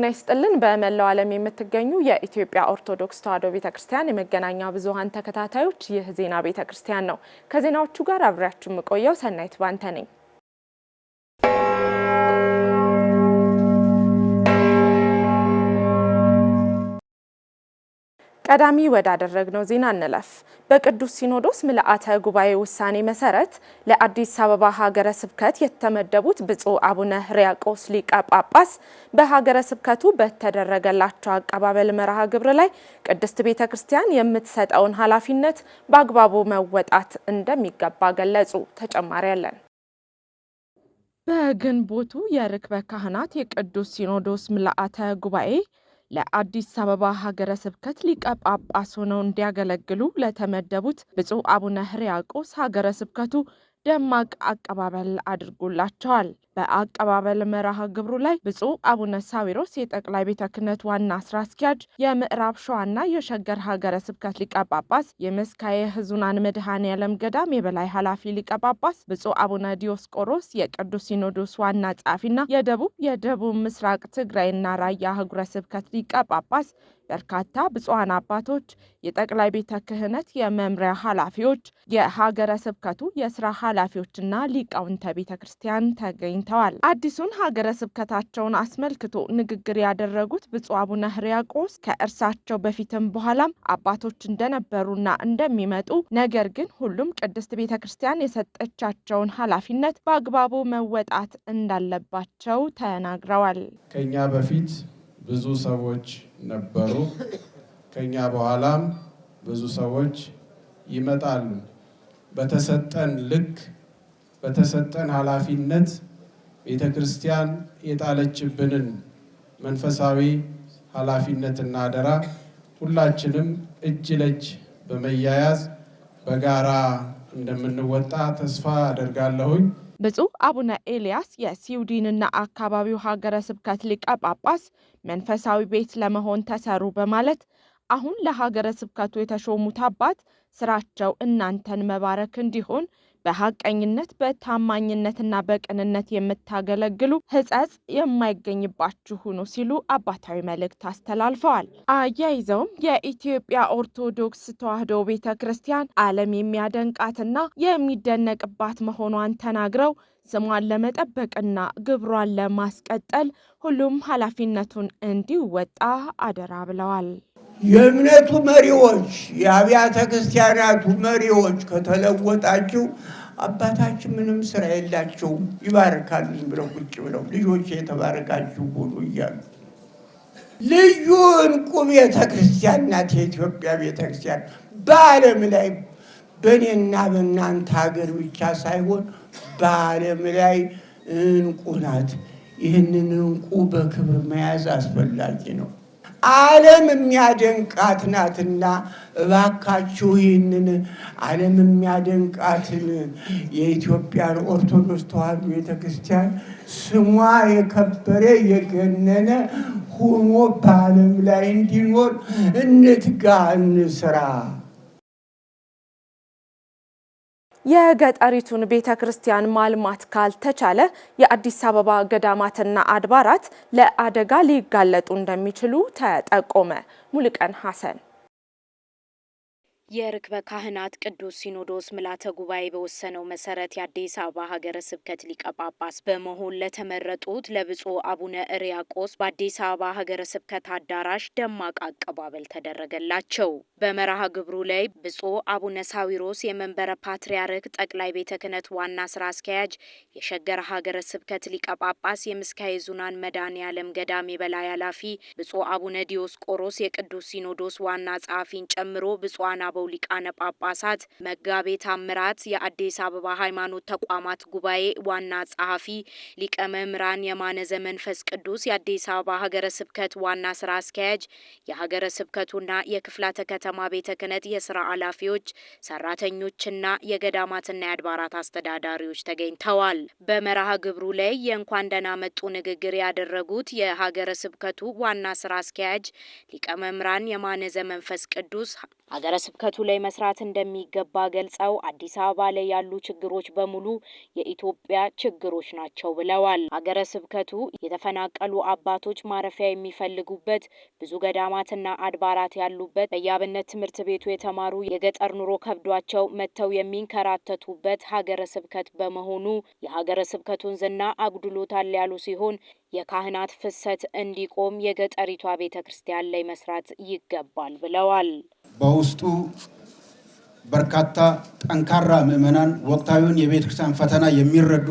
ጤና ይስጥልን። በመላው ዓለም የምትገኙ የኢትዮጵያ ኦርቶዶክስ ተዋሕዶ ቤተ ክርስቲያን የመገናኛ ብዙኃን ተከታታዮች ይህ ዜና ቤተ ክርስቲያን ነው። ከዜናዎቹ ጋር አብሬያችሁ የምቆየው ሰናይት ባንተ ነኝ። ቀዳሚ ወዳደረግነው ዜና እንለፍ። በቅዱስ ሲኖዶስ ምልአተ ጉባኤ ውሳኔ መሰረት ለአዲስ አበባ ሀገረ ስብከት የተመደቡት ብፁዕ አቡነ ሕርያቆስ ሊቀ ጳጳስ በሀገረ ስብከቱ በተደረገላቸው አቀባበል መርሃ ግብር ላይ ቅድስት ቤተ ክርስቲያን የምትሰጠውን ኃላፊነት በአግባቡ መወጣት እንደሚገባ ገለጹ። ተጨማሪ አለን። በግንቦቱ የርክበ ካህናት የቅዱስ ሲኖዶስ ምልአተ ጉባኤ ለአዲስ አበባ ሀገረ ስብከት ሊቀ ጳጳስ ሆነው እንዲያገለግሉ ለተመደቡት ብፁዕ አቡነ ሕርያቆስ ሀገረ ስብከቱ ደማቅ አቀባበል አድርጎላቸዋል። በአቀባበል መርሃ ግብሩ ላይ ብፁዕ አቡነ ሳዊሮስ የጠቅላይ ቤተ ክህነት ዋና ስራ አስኪያጅ፣ የምዕራብ ሸዋና የሸገር ሀገረ ስብከት ሊቀ ጳጳስ፣ የመስካየ ህዙናን መድኃኔ ዓለም ገዳም የበላይ ኃላፊ ሊቀ ጳጳስ ብፁዕ አቡነ ዲዮስቆሮስ የቅዱስ ሲኖዶስ ዋና ጸሐፊና የደቡብ የደቡብ ምስራቅ ትግራይና ራያ ህጉረ ስብከት ሊቀ ጳጳስ በርካታ ብፁዓን አባቶች፣ የጠቅላይ ቤተ ክህነት የመምሪያ ኃላፊዎች፣ የሀገረ ስብከቱ የስራ ኃላፊዎችና ሊቃውንተ ቤተ ክርስቲያን ተገኝተዋል። ተገኝተዋል። አዲሱን ሀገረ ስብከታቸውን አስመልክቶ ንግግር ያደረጉት ብፁዕ አቡነ ሕርያቆስ ከእርሳቸው በፊትም በኋላም አባቶች እንደነበሩና እንደሚመጡ ነገር ግን ሁሉም ቅድስት ቤተ ክርስቲያን የሰጠቻቸውን ኃላፊነት በአግባቡ መወጣት እንዳለባቸው ተናግረዋል። ከኛ በፊት ብዙ ሰዎች ነበሩ። ከኛ በኋላም ብዙ ሰዎች ይመጣሉ። በተሰጠን ልክ በተሰጠን ኃላፊነት ቤተ ክርስቲያን የጣለችብንን መንፈሳዊ ኃላፊነትና አደራ ሁላችንም እጅ ለእጅ በመያያዝ በጋራ እንደምንወጣ ተስፋ አደርጋለሁኝ። ብፁዕ አቡነ ኤልያስ የስዊድንና አካባቢው ሀገረ ስብከት ሊቀ ጳጳስ መንፈሳዊ ቤት ለመሆን ተሰሩ በማለት አሁን ለሀገረ ስብከቱ የተሾሙት አባት ስራቸው እናንተን መባረክ እንዲሆን በሀቀኝነት በታማኝነትና በቅንነት የምታገለግሉ ሕጸጽ የማይገኝባችሁ ሁኑ ሲሉ አባታዊ መልእክት አስተላልፈዋል። አያይዘውም የኢትዮጵያ ኦርቶዶክስ ተዋሕዶ ቤተ ክርስቲያን ዓለም የሚያደንቃትና የሚደነቅባት መሆኗን ተናግረው ስሟን ለመጠበቅና ግብሯን ለማስቀጠል ሁሉም ኃላፊነቱን እንዲወጣ አደራ ብለዋል። የእምነቱ መሪዎች፣ የአብያተ ክርስቲያናቱ መሪዎች ከተለወጣችሁ አባታችን ምንም ስራ የላቸውም ይባርካሉ። ብለው ቁጭ ብለው ልጆች የተባረካችሁ ሆኑ እያሉ ልዩ እንቁ ቤተ ክርስቲያን ናት የኢትዮጵያ ቤተ ክርስቲያን በዓለም ላይ በእኔና በእናንተ ሀገር ብቻ ሳይሆን በዓለም ላይ እንቁ ናት። ይህንን እንቁ በክብር መያዝ አስፈላጊ ነው። ዓለም የሚያደንቃት ናትና እባካችሁ ይህንን ዓለም የሚያደንቃትን የኢትዮጵያን ኦርቶዶክስ ተዋሕዶ ቤተክርስቲያን ስሟ የከበረ የገነነ ሆኖ በዓለም ላይ እንዲኖር እንትጋ፣ እንስራ። የገጠሪቱን ቤተ ክርስቲያን ማልማት ካልተቻለ የአዲስ አበባ ገዳማትና አድባራት ለአደጋ ሊጋለጡ እንደሚችሉ ተጠቆመ። ሙልቀን ሐሰን የርክበ ካህናት ቅዱስ ሲኖዶስ ምልዓተ ጉባኤ በወሰነው መሰረት የአዲስ አበባ ሀገረ ስብከት ሊቀ ጳጳስ በመሆን ለተመረጡት ለብፁዕ አቡነ እርያቆስ በአዲስ አበባ ሀገረ ስብከት አዳራሽ ደማቅ አቀባበል ተደረገላቸው። በመርሃ ግብሩ ላይ ብፁዕ አቡነ ሳዊሮስ የመንበረ ፓትርያርክ ጠቅላይ ቤተ ክህነት ዋና ስራ አስኪያጅ፣ የሸገር ሀገረ ስብከት ሊቀ ጳጳስ የምስካየ ኅዙናን መድኃኔ ዓለም ገዳም የበላይ ኃላፊ፣ ብፁዕ አቡነ ዲዮስቆሮስ የቅዱስ ሲኖዶስ ዋና ጸሐፊን ጨምሮ ብፁዓን የተሰበሰበው ሊቃነ ጳጳሳት መጋቤ ታምራት የአዲስ አበባ ሃይማኖት ተቋማት ጉባኤ ዋና ጸሐፊ፣ ሊቀ መምህራን የማነ ዘመንፈስ ቅዱስ የአዲስ አበባ ሀገረ ስብከት ዋና ስራ አስኪያጅ፣ የሀገረ ስብከቱና የክፍላተ ከተማ ቤተ ክህነት የስራ ኃላፊዎች፣ ሰራተኞችና የገዳማትና የአድባራት አስተዳዳሪዎች ተገኝተዋል። በመርሃ ግብሩ ላይ የእንኳን ደህና መጡ ንግግር ያደረጉት የሀገረ ስብከቱ ዋና ስራ አስኪያጅ ሊቀ መምህራን የማነ ዘመንፈስ ቅዱስ ሀገረ ስብከቱ ላይ መስራት እንደሚገባ ገልጸው አዲስ አበባ ላይ ያሉ ችግሮች በሙሉ የኢትዮጵያ ችግሮች ናቸው ብለዋል። ሀገረ ስብከቱ የተፈናቀሉ አባቶች ማረፊያ የሚፈልጉበት ብዙ ገዳማትና አድባራት ያሉበት በየአብነት ትምህርት ቤቱ የተማሩ የገጠር ኑሮ ከብዷቸው መጥተው የሚንከራተቱበት ሀገረ ስብከት በመሆኑ የሀገረ ስብከቱን ዝና አጉድሎታል ያሉ ሲሆን የካህናት ፍሰት እንዲቆም የገጠሪቷ ቤተ ክርስቲያን ላይ መስራት ይገባል ብለዋል። በውስጡ በርካታ ጠንካራ ምዕመናን ወቅታዊውን የቤተ ክርስቲያን ፈተና የሚረዱ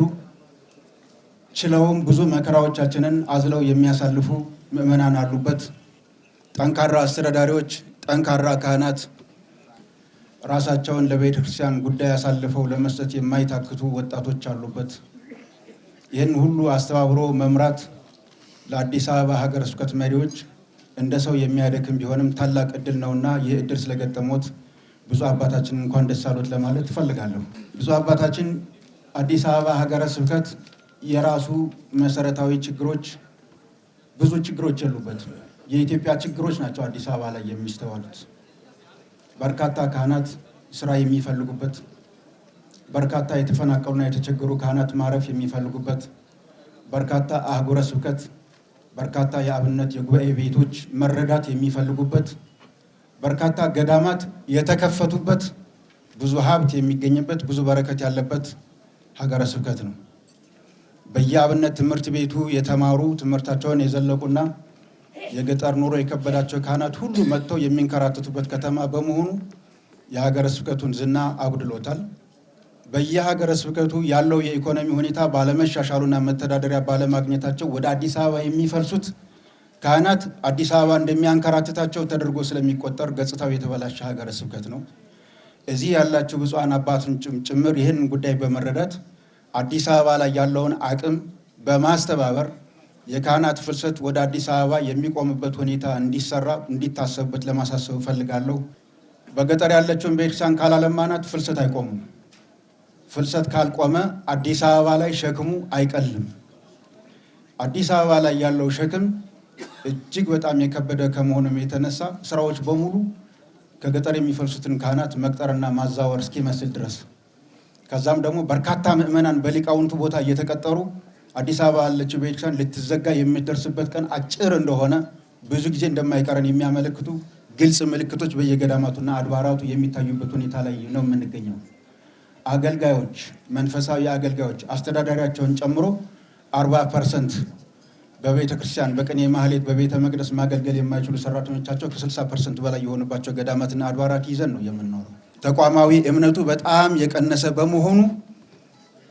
ችለውም ብዙ መከራዎቻችንን አዝለው የሚያሳልፉ ምዕመናን አሉበት። ጠንካራ አስተዳዳሪዎች፣ ጠንካራ ካህናት፣ ራሳቸውን ለቤተ ክርስቲያን ጉዳይ አሳልፈው ለመስጠት የማይታክቱ ወጣቶች አሉበት። ይህን ሁሉ አስተባብሮ መምራት ለአዲስ አበባ ሀገረ ስብከት መሪዎች እንደ ሰው የሚያደክም ቢሆንም ታላቅ እድል ነውና ይህ እድል ስለገጠሞት ብፁዕ አባታችን እንኳን ደስ አሉት ለማለት እፈልጋለሁ። ብፁዕ አባታችን አዲስ አበባ ሀገረ ስብከት የራሱ መሰረታዊ ችግሮች ብዙ ችግሮች የሉበት የኢትዮጵያ ችግሮች ናቸው አዲስ አበባ ላይ የሚስተዋሉት። በርካታ ካህናት ስራ የሚፈልጉበት፣ በርካታ የተፈናቀሉና የተቸገሩ ካህናት ማረፍ የሚፈልጉበት፣ በርካታ አህጉረ ስብከት በርካታ የአብነት የጉባኤ ቤቶች መረዳት የሚፈልጉበት፣ በርካታ ገዳማት የተከፈቱበት፣ ብዙ ሀብት የሚገኝበት፣ ብዙ በረከት ያለበት ሀገረ ስብከት ነው። በየአብነት ትምህርት ቤቱ የተማሩ ትምህርታቸውን የዘለቁና የገጠር ኑሮ የከበዳቸው ካህናት ሁሉ መጥተው የሚንከራተቱበት ከተማ በመሆኑ የሀገረ ስብከቱን ዝና አጉድሎታል። በየሀገረ ስብከቱ ያለው የኢኮኖሚ ሁኔታ ባለመሻሻሉና መተዳደሪያ ባለማግኘታቸው ወደ አዲስ አበባ የሚፈልሱት ካህናት አዲስ አበባ እንደሚያንከራትታቸው ተደርጎ ስለሚቆጠር ገጽታው የተበላሸ ሀገረ ስብከት ነው። እዚህ ያላቸው ብፁዓን አባትን ጭምር ይህን ጉዳይ በመረዳት አዲስ አበባ ላይ ያለውን አቅም በማስተባበር የካህናት ፍልሰት ወደ አዲስ አበባ የሚቆምበት ሁኔታ እንዲሰራ እንዲታሰብበት ለማሳሰብ እፈልጋለሁ። በገጠር ያለችውን ቤተክርስቲያን ካላለማናት ፍልሰት አይቆሙም። ፍልሰት ካልቆመ አዲስ አበባ ላይ ሸክሙ አይቀልም። አዲስ አበባ ላይ ያለው ሸክም እጅግ በጣም የከበደ ከመሆኑም የተነሳ ስራዎች በሙሉ ከገጠር የሚፈልሱትን ካህናት መቅጠርና ማዛወር እስኪመስል ድረስ ከዛም ደግሞ በርካታ ምዕመናን በሊቃውንቱ ቦታ እየተቀጠሩ አዲስ አበባ ያለች ቤተክርስቲያን ልትዘጋ የሚደርስበት ቀን አጭር እንደሆነ ብዙ ጊዜ እንደማይቀረን የሚያመለክቱ ግልጽ ምልክቶች በየገዳማቱና አድባራቱ የሚታዩበት ሁኔታ ላይ ነው የምንገኘው። አገልጋዮች፣ መንፈሳዊ አገልጋዮች አስተዳዳሪያቸውን ጨምሮ አርባ ፐርሰንት በቤተ ክርስቲያን በቅኔ ማህሌት በቤተ መቅደስ ማገልገል የማይችሉ ሰራተኞቻቸው ከ ፐርሰንት በላይ የሆኑባቸው ገዳማትና አድባራት ይዘን ነው የምንኖረው። ተቋማዊ እምነቱ በጣም የቀነሰ በመሆኑ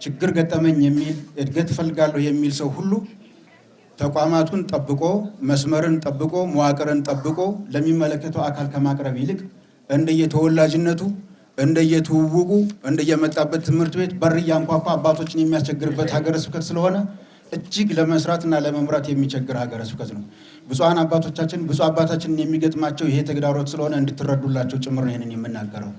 ችግር ገጠመኝ የሚል እድገት ፈልጋለሁ የሚል ሰው ሁሉ ተቋማቱን ጠብቆ መስመርን ጠብቆ መዋቅርን ጠብቆ ለሚመለከተው አካል ከማቅረብ ይልቅ እንደየተወላጅነቱ እንደየትውውቁ እንደየመጣበት ትምህርት ቤት በር እያንኳኳ አባቶችን የሚያስቸግርበት ሀገረ ስብከት ስለሆነ እጅግ ለመስራትና ለመምራት የሚቸግር ሀገረ ስብከት ነው። ብፁዓን አባቶቻችን ብፁዕ አባታችንን የሚገጥማቸው ይሄ ተግዳሮት ስለሆነ እንድትረዱላቸው ጭምር ነው ይህንን የምናገረው።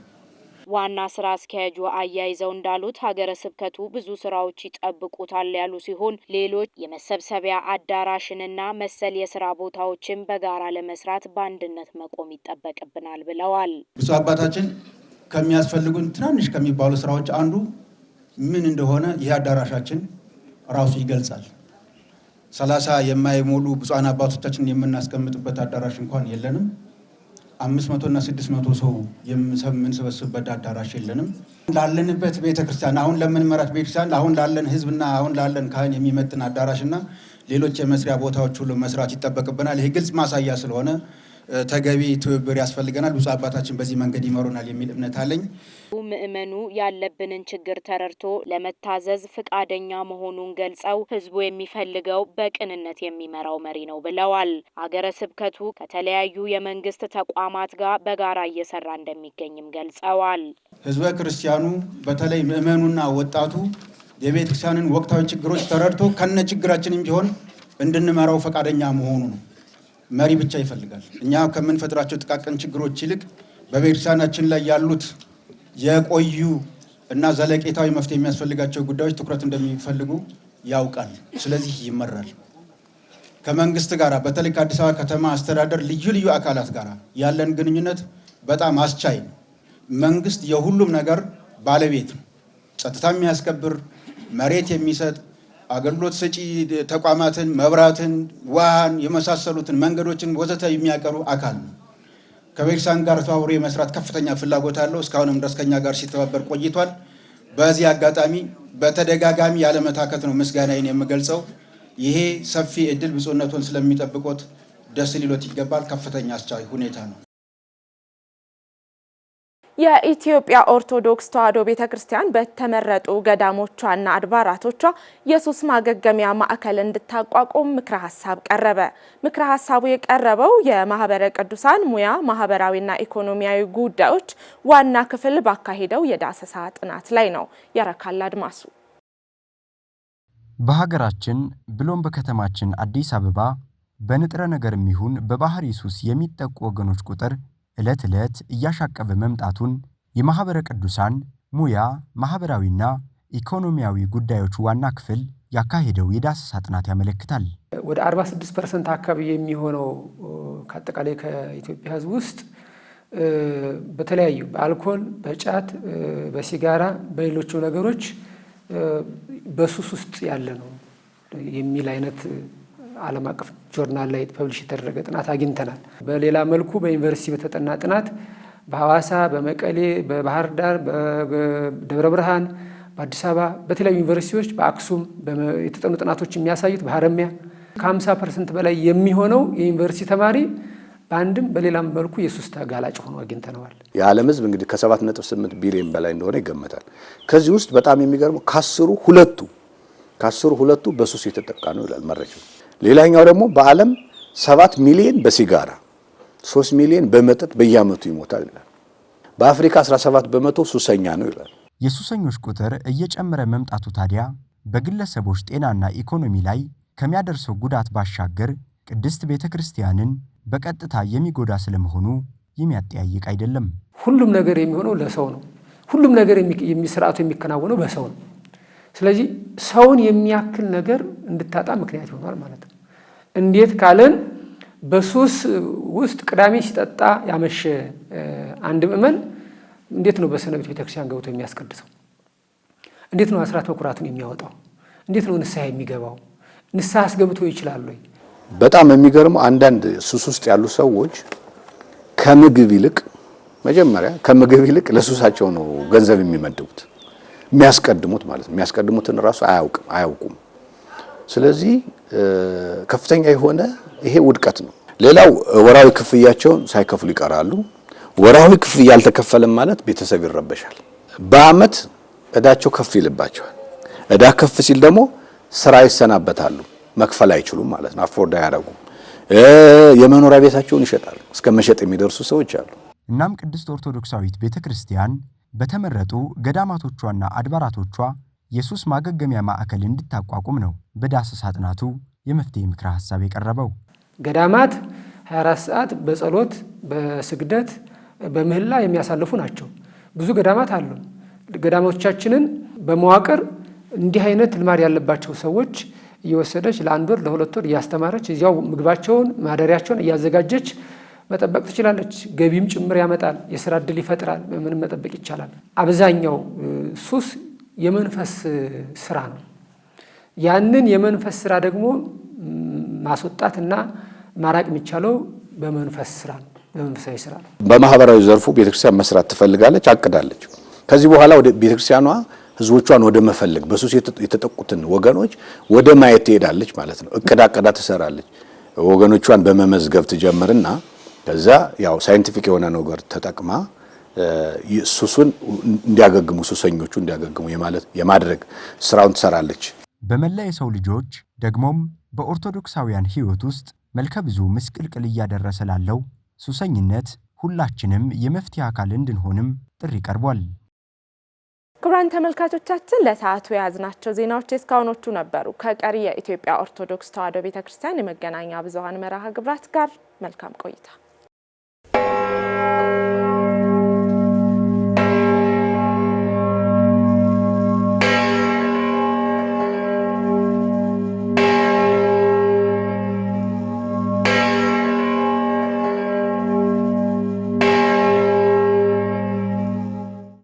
ዋና ስራ አስኪያጁ አያይዘው እንዳሉት ሀገረ ስብከቱ ብዙ ስራዎች ይጠብቁታል ያሉ ሲሆን ሌሎች የመሰብሰቢያ አዳራሽንና መሰል የስራ ቦታዎችን በጋራ ለመስራት በአንድነት መቆም ይጠበቅብናል ብለዋል። ብፁዕ አባታችን ከሚያስፈልጉን ትናንሽ ከሚባሉ ስራዎች አንዱ ምን እንደሆነ ይህ አዳራሻችን ራሱ ይገልጻል። ሰላሳ የማይሞሉ ብፁዓን አባቶቻችን የምናስቀምጥበት አዳራሽ እንኳን የለንም። አምስት እና ስድስት መቶ ሰው የምንሰበስብበት አዳራሽ የለንም። ላለንበት ቤተክርስቲያን አሁን ለምንመራት ቤተክርስቲያን አሁን ላለን ህዝብና አሁን ላለን ካህን የሚመጥን አዳራሽና ሌሎች የመስሪያ ቦታዎች ሁሉ መስራት ይጠበቅብናል። ይህ ግልጽ ማሳያ ስለሆነ ተገቢ ትብብር ያስፈልገናል። ብፁዕ አባታችን በዚህ መንገድ ይመሩናል የሚል እምነት አለኝ። ምእመኑ ያለብንን ችግር ተረድቶ ለመታዘዝ ፍቃደኛ መሆኑን ገልጸው ህዝቡ የሚፈልገው በቅንነት የሚመራው መሪ ነው ብለዋል። አገረ ስብከቱ ከተለያዩ የመንግስት ተቋማት ጋር በጋራ እየሰራ እንደሚገኝም ገልጸዋል። ህዝበ ክርስቲያኑ በተለይ ምእመኑና ወጣቱ የቤተክርስቲያንን ወቅታዊ ችግሮች ተረድቶ ከነ ችግራችንም ቢሆን እንድንመራው ፈቃደኛ መሆኑ ነው። መሪ ብቻ ይፈልጋል። እኛ ከምንፈጥራቸው ጥቃቅን ችግሮች ይልቅ በቤተክርስቲያናችን ላይ ያሉት የቆዩ እና ዘለቄታዊ መፍትሄ የሚያስፈልጋቸው ጉዳዮች ትኩረት እንደሚፈልጉ ያውቃል። ስለዚህ ይመራል። ከመንግስት ጋር በተለይ ከአዲስ አበባ ከተማ አስተዳደር ልዩ ልዩ አካላት ጋር ያለን ግንኙነት በጣም አስቻይ ነው። መንግስት የሁሉም ነገር ባለቤት ነው። ጸጥታ የሚያስከብር መሬት የሚሰጥ አገልግሎት ሰጪ ተቋማትን፣ መብራትን፣ ውሃን የመሳሰሉትን መንገዶችን ወዘተ የሚያቀሩ አካል ነው። ከቤክሳን ጋር ተባብሮ የመስራት ከፍተኛ ፍላጎት አለው። እስካሁንም ድረስ ከኛ ጋር ሲተባበር ቆይቷል። በዚህ አጋጣሚ በተደጋጋሚ ያለመታከት ነው ምስጋናዬን የምገልጸው። ይሄ ሰፊ እድል ብፁዕነቱን ስለሚጠብቆት ደስ ሊሎት ይገባል። ከፍተኛ አስቻይ ሁኔታ ነው። የኢትዮጵያ ኦርቶዶክስ ተዋሕዶ ቤተ ክርስቲያን በተመረጡ ገዳሞቿና አድባራቶቿ የሱስ ማገገሚያ ማዕከል እንድታቋቁም ምክረ ሀሳብ ቀረበ። ምክረ ሀሳቡ የቀረበው የማህበረ ቅዱሳን ሙያ ማህበራዊና ኢኮኖሚያዊ ጉዳዮች ዋና ክፍል ባካሄደው የዳሰሳ ጥናት ላይ ነው። ያረካል አድማሱ በሀገራችን ብሎም በከተማችን አዲስ አበባ በንጥረ ነገር የሚሆን በባህር ሱስ የሚጠቁ ወገኖች ቁጥር ዕለት ዕለት እያሻቀበ መምጣቱን የማኅበረ ቅዱሳን ሙያ ማኅበራዊና ኢኮኖሚያዊ ጉዳዮች ዋና ክፍል ያካሄደው የዳሰሳ ጥናት ያመለክታል። ወደ 46 ፐርሰንት አካባቢ የሚሆነው ከአጠቃላይ ከኢትዮጵያ ሕዝብ ውስጥ በተለያዩ በአልኮል፣ በጫት፣ በሲጋራ፣ በሌሎቹ ነገሮች በሱስ ውስጥ ያለ ነው የሚል አይነት ዓለም አቀፍ ጆርናል ላይ ፐብሊሽ የተደረገ ጥናት አግኝተናል። በሌላ መልኩ በዩኒቨርሲቲ በተጠና ጥናት በሐዋሳ፣ በመቀሌ፣ በባህር ዳር፣ በደብረ ብርሃን፣ በአዲስ አበባ በተለያዩ ዩኒቨርሲቲዎች በአክሱም የተጠኑ ጥናቶች የሚያሳዩት በሀረሚያ ከ50 ፐርሰንት በላይ የሚሆነው የዩኒቨርሲቲ ተማሪ በአንድም በሌላም መልኩ የሱስ ተጋላጭ ሆኖ አግኝተነዋል። የዓለም ሕዝብ እንግዲህ ከ7.8 ቢሊዮን በላይ እንደሆነ ይገመታል። ከዚህ ውስጥ በጣም የሚገርመው ከአስሩ ሁለቱ ከአስሩ ሁለቱ በሱስ የተጠቃ ነው ይላል መረጃው። ሌላኛው ደግሞ በዓለም ሰባት ሚሊዮን በሲጋራ ሶስት ሚሊዮን በመጠጥ በየዓመቱ ይሞታል ይላል። በአፍሪካ 17 በመቶ ሱሰኛ ነው ይላል። የሱሰኞች ቁጥር እየጨመረ መምጣቱ ታዲያ በግለሰቦች ጤናና ኢኮኖሚ ላይ ከሚያደርሰው ጉዳት ባሻገር ቅድስት ቤተ ክርስቲያንን በቀጥታ የሚጎዳ ስለመሆኑ የሚያጠያይቅ አይደለም። ሁሉም ነገር የሚሆነው ለሰው ነው። ሁሉም ነገር ስርዓቱ የሚከናወነው በሰው ነው። ስለዚህ ሰውን የሚያክል ነገር እንድታጣ ምክንያት ይሆናል ማለት ነው። እንዴት ካለን በሱስ ውስጥ ቅዳሜ ሲጠጣ ያመሸ አንድ ምእመን እንዴት ነው በሰንበት ቤተክርስቲያን ገብቶ የሚያስቀድሰው? እንዴት ነው አስራት በኩራቱን የሚያወጣው? እንዴት ነው ንስሐ የሚገባው? ንስሐ አስገብቶ ይችላሉ በጣም የሚገርመው አንዳንድ ሱስ ውስጥ ያሉ ሰዎች ከምግብ ይልቅ መጀመሪያ ከምግብ ይልቅ ለሱሳቸው ነው ገንዘብ የሚመድቡት የሚያስቀድሙት ማለት ነው። የሚያስቀድሙትን ራሱ አያውቅም አያውቁም። ስለዚህ ከፍተኛ የሆነ ይሄ ውድቀት ነው። ሌላው ወራዊ ክፍያቸውን ሳይከፍሉ ይቀራሉ። ወራዊ ክፍያ አልተከፈለም ማለት ቤተሰብ ይረበሻል። በአመት እዳቸው ከፍ ይልባቸዋል። እዳ ከፍ ሲል ደግሞ ስራ ይሰናበታሉ። መክፈል አይችሉም ማለት ነው። አፎርድ አያደርጉም። የመኖሪያ ቤታቸውን ይሸጣሉ። እስከ መሸጥ የሚደርሱ ሰዎች አሉ። እናም ቅድስት ኦርቶዶክሳዊት ቤተ ክርስቲያን በተመረጡ ገዳማቶቿና አድባራቶቿ የሱስ ማገገሚያ ማዕከል እንድታቋቁም ነው በዳሰሳ ጥናቱ የመፍትሄ ምክረ ሀሳብ የቀረበው። ገዳማት 24 ሰዓት በጸሎት በስግደት በምህላ የሚያሳልፉ ናቸው። ብዙ ገዳማት አሉ። ገዳሞቻችንን በመዋቅር እንዲህ አይነት ልማድ ያለባቸው ሰዎች እየወሰደች ለአንድ ወር ለሁለት ወር እያስተማረች እዚያው ምግባቸውን ማደሪያቸውን እያዘጋጀች መጠበቅ ትችላለች። ገቢም ጭምር ያመጣል፣ የስራ እድል ይፈጥራል። ምንም መጠበቅ ይቻላል። አብዛኛው ሱስ የመንፈስ ስራ ነው። ያንን የመንፈስ ስራ ደግሞ ማስወጣትና ማራቅ የሚቻለው በመንፈስ ስራ ነው፣ በመንፈሳዊ ስራ ነው። በማህበራዊ ዘርፉ ቤተክርስቲያን መስራት ትፈልጋለች፣ አቅዳለች። ከዚህ በኋላ ወደ ቤተክርስቲያኗ ህዝቦቿን ወደ መፈለግ በሱስ የተጠቁትን ወገኖች ወደ ማየት ትሄዳለች ማለት ነው። እቅድ አቅዳ ትሰራለች። ወገኖቿን በመመዝገብ ትጀምርና ከዛ ያው ሳይንቲፊክ የሆነ ነገር ተጠቅማ ሱሱን እንዲያገግሙ ሱሰኞቹ እንዲያገግሙ የማድረግ ስራውን ትሰራለች። በመላ የሰው ልጆች ደግሞም በኦርቶዶክሳውያን ሕይወት ውስጥ መልከ ብዙ ምስቅልቅል እያደረሰ ላለው ሱሰኝነት ሁላችንም የመፍትሄ አካል እንድንሆንም ጥሪ ቀርቧል። ክቡራን ተመልካቾቻችን ለሰዓቱ የያዝናቸው ዜናዎች የእስካሁኖቹ ነበሩ። ከቀሪ የኢትዮጵያ ኦርቶዶክስ ተዋሕዶ ቤተ ክርስቲያን የመገናኛ ብዙኃን መርሃ ግብራት ጋር መልካም ቆይታ